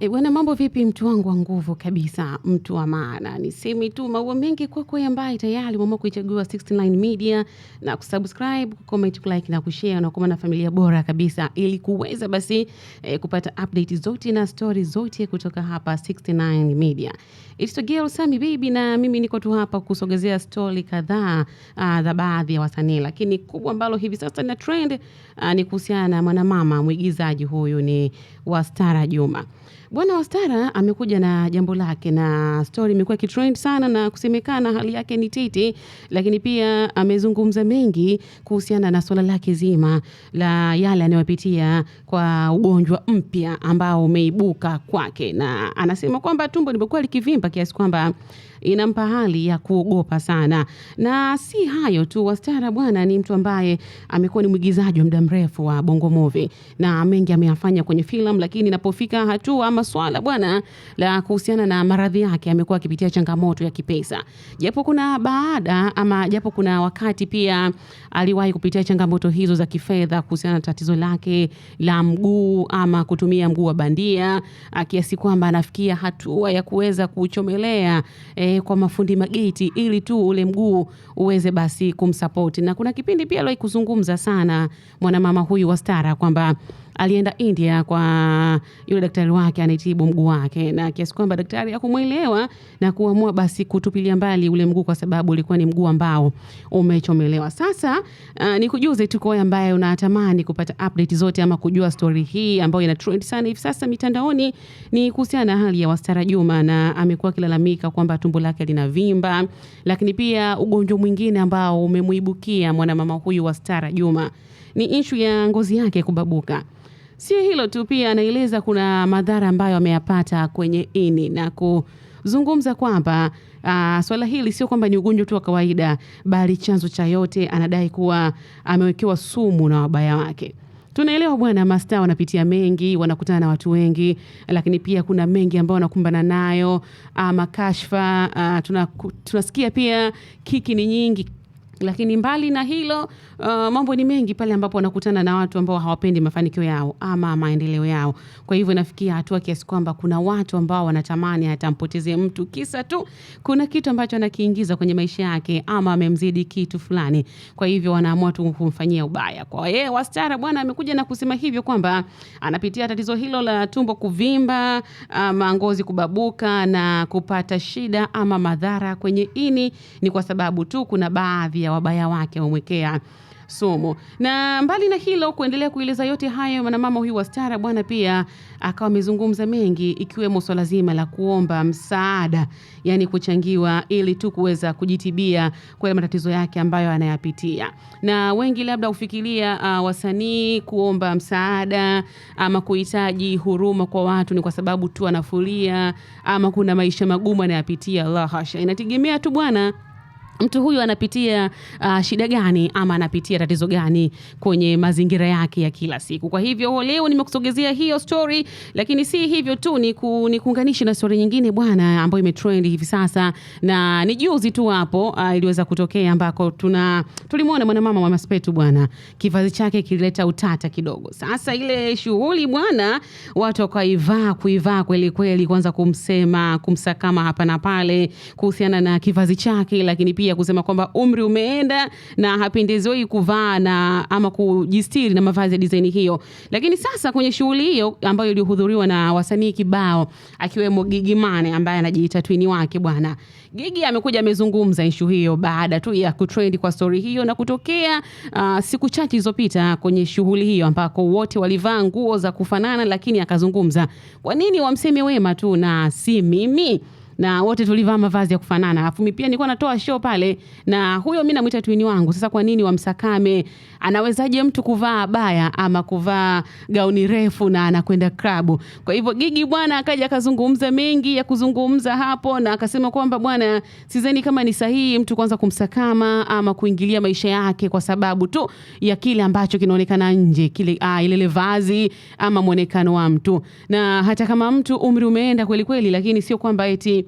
E, eh, bwana mambo vipi mtu wangu wa nguvu kabisa, mtu wa maana. Niseme tu maua mengi kwako ambaye tayari umeamua kuichagua 69 Media na kusubscribe, kucomment, kulike na kushare na kuwa na familia bora kabisa ili kuweza basi e, kupata update zote na story zote kutoka hapa 69 Media. It's the girl Sami baby na mimi niko tu hapa kusogezea story kadhaa uh, za baadhi ya wasanii, lakini kubwa ambalo hivi sasa na trend uh, ni kuhusiana na mwanamama mwigizaji huyu ni Wastara Juma. Bwana Wastara amekuja na jambo lake na stori imekuwa kitrend sana na kusemekana hali yake ni tete, lakini pia amezungumza mengi kuhusiana na swala lake zima la yale anayopitia kwa ugonjwa mpya ambao umeibuka kwake, na anasema kwamba tumbo limekuwa likivimba kiasi kwamba inampa hali ya kuogopa sana. Na si hayo tu, Wastara bwana ni mtu ambaye amekuwa ni mwigizaji wa muda mrefu wa Bongo Movie na mengi ameyafanya kwenye filamu, lakini inapofika hatua ama swala bwana la kuhusiana na maradhi yake amekuwa akipitia changamoto ya kipesa, japo kuna baada ama japo kuna wakati pia aliwahi kupitia changamoto hizo za kifedha kuhusiana na tatizo lake la mguu ama kutumia mguu wa bandia, kiasi kwamba anafikia hatua ya kuweza kuchomelea e, eh, kwa mafundi mageti ili tu ule mguu uweze basi kumsapoti. Na kuna kipindi pia aliwahi kuzungumza sana mwanamama huyu wa Stara kwamba alienda India kwa yule daktari wake anaitibu mguu wake, na kiasi kwamba daktari hakumwelewa na kuamua basi kutupilia mbali ule mguu kwa sababu ulikuwa ni mguu ambao umechomelewa. Sasa uh, nikujuze tu kwa ambaye unatamani kupata update zote ama kujua story hii ambayo ina trend sana hivi sasa mitandaoni ni kuhusiana na hali ya Wastara Juma, na amekuwa akilalamika kwamba tumbo lake linavimba, lakini pia ugonjwa mwingine ambao umemuibukia mwanamama huyu Wastara Juma ni ishu ya ngozi yake kubabuka. Sio hilo tu, pia anaeleza kuna madhara ambayo ameyapata kwenye ini na kuzungumza kwamba Uh, swala hili sio kwamba ni ugonjwa tu wa kawaida bali chanzo cha yote anadai kuwa amewekewa sumu na wabaya wake. Tunaelewa bwana, masta wanapitia mengi, wanakutana na watu wengi, lakini pia kuna mengi ambayo wanakumbana nayo, uh, makashfa. Uh, tunasikia pia kiki ni nyingi lakini mbali na hilo uh, mambo ni mengi pale ambapo wanakutana na watu ambao hawapendi mafanikio yao ama maendeleo yao. Kwa hivyo nafikia hatua kiasi kwamba kuna watu ambao wanatamani atampoteze mtu kisa tu kuna kitu ambacho anakiingiza kwenye maisha yake ama amemzidi kitu fulani. Kwa hivyo wanaamua tu kumfanyia ubaya. Kwa yeye eh, Wastara bwana amekuja na kusema hivyo kwamba anapitia tatizo hilo la tumbo kuvimba ama ngozi kubabuka na kupata shida ama madhara kwenye ini ni kwa sababu tu kuna baadhi ya ya wabaya wake wamwekea somo. Na mbali na hilo, kuendelea kueleza yote hayo, mwanamama huyu wa stara bwana pia akawa amezungumza mengi, ikiwemo swala zima la kuomba msaada, yani kuchangiwa ili tu kuweza kujitibia kwa matatizo yake ambayo anayapitia. Na wengi labda ufikiria uh, wasanii kuomba msaada ama kuhitaji huruma kwa watu ni kwa sababu tu anafulia ama kuna maisha magumu anayapitia. La hasha, inategemea tu bwana mtu huyu anapitia uh, shida gani ama anapitia tatizo gani kwenye mazingira yake ya kila siku. Kwa hivyo leo nimekusogezea hiyo story, lakini si hivyo tu, ni, kuunganisha na story nyingine bwana, ambayo imetrend hivi sasa na ni juzi tu hapo uh, iliweza kutokea ambako tuna tulimwona mwanamama wa Maspetu bwana, kivazi chake kilileta utata kidogo. Sasa ile shughuli bwana, watu wakaivaa kuivaa kweli kweli, kwanza kumsema kumsakama hapa na pale kuhusiana na kivazi chake, lakini pia ya kusema kwamba umri umeenda na hapendezoi kuvaa na ama kujistiri na mavazi ya design hiyo. Lakini sasa kwenye shughuli hiyo ambayo ilihudhuriwa na wasanii kibao akiwemo Gigy Money ambaye anajiita twini wake bwana. Gigy amekuja amezungumza ishu hiyo baada tu ya kutrend kwa story hiyo na kutokea uh, siku chache zilizopita kwenye shughuli hiyo ambako wote walivaa nguo za kufanana, lakini akazungumza kwa nini wamseme Wema tu na si mimi? na wote tulivaa mavazi ya kufanana. Alafu mimi pia nilikuwa natoa show pale na huyo mimi namuita twini wangu. Sasa kwa nini wamsakame? Anawezaje mtu kuvaa baya ama kuvaa gauni refu na anakwenda club? Kwa hivyo Gigi bwana akaja akazungumza mengi ya kuzungumza hapo na akasema kwamba bwana, sizeni kama ni sahihi mtu kwanza kumsakama ama kuingilia maisha yake kwa sababu tu ya kile ambacho kinaonekana nje, kile ah, ile vazi ama mwonekano wa mtu. Na hata kama mtu umri umeenda kweli kweli, lakini sio kwamba eti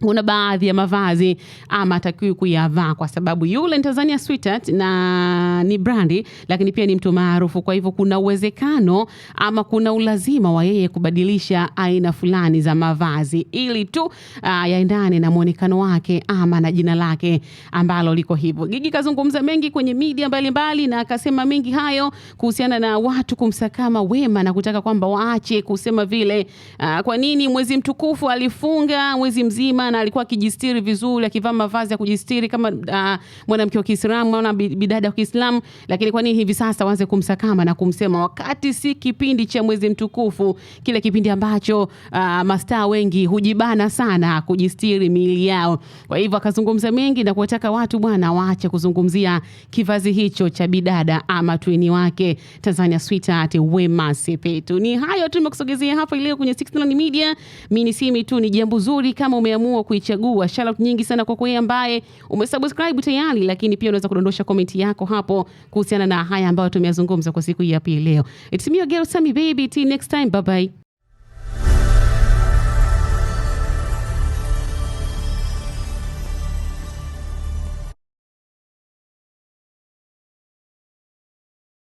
kuna baadhi ya mavazi ama atakiwi kuyavaa kwa sababu yule ni Tanzania Sweetheart na ni brandi, lakini pia ni mtu maarufu. Kwa hivyo kuna uwezekano ama kuna ulazima wa yeye kubadilisha aina fulani za mavazi ili tu ah, yaendane na mwonekano wake ama na jina lake ambalo liko hivyo. Gigi kazungumza mengi kwenye media mbalimbali na akasema mengi hayo kuhusiana na watu kumsakama Wema na kutaka kwamba waache kusema vile, ah, kwa nini mwezi mtukufu alifunga mwezi mzima sana, alikuwa akijistiri vizuri, akivaa mavazi ya kujistiri kama uh, mwanamke wa Kiislamu au bidada wa Kiislamu. Lakini kwa nini hivi sasa waanze kumsakama na kumsema, wakati si kipindi cha mwezi mtukufu, kile kipindi ambacho uh, mastaa wengi hujibana sana kujistiri miili yao. Kwa hivyo akazungumza mengi na kuwataka watu bwana, waache kuzungumzia kivazi hicho cha bidada ama twini wake Tanzania sweetheart Wema Sepetu. Ni hayo tu nimekusogezea hapa leo kwenye 69 Media. Mimi ni simi tu, ni jambo zuri kama umeamua kwa kuichagua. Shoutout nyingi sana kwa kweli ambaye umesubscribe tayari, lakini pia unaweza kudondosha komenti yako hapo kuhusiana na haya ambayo tumeyazungumza kwa siku hii ya leo. It's me your girl Sammy baby, till next time, bye bye.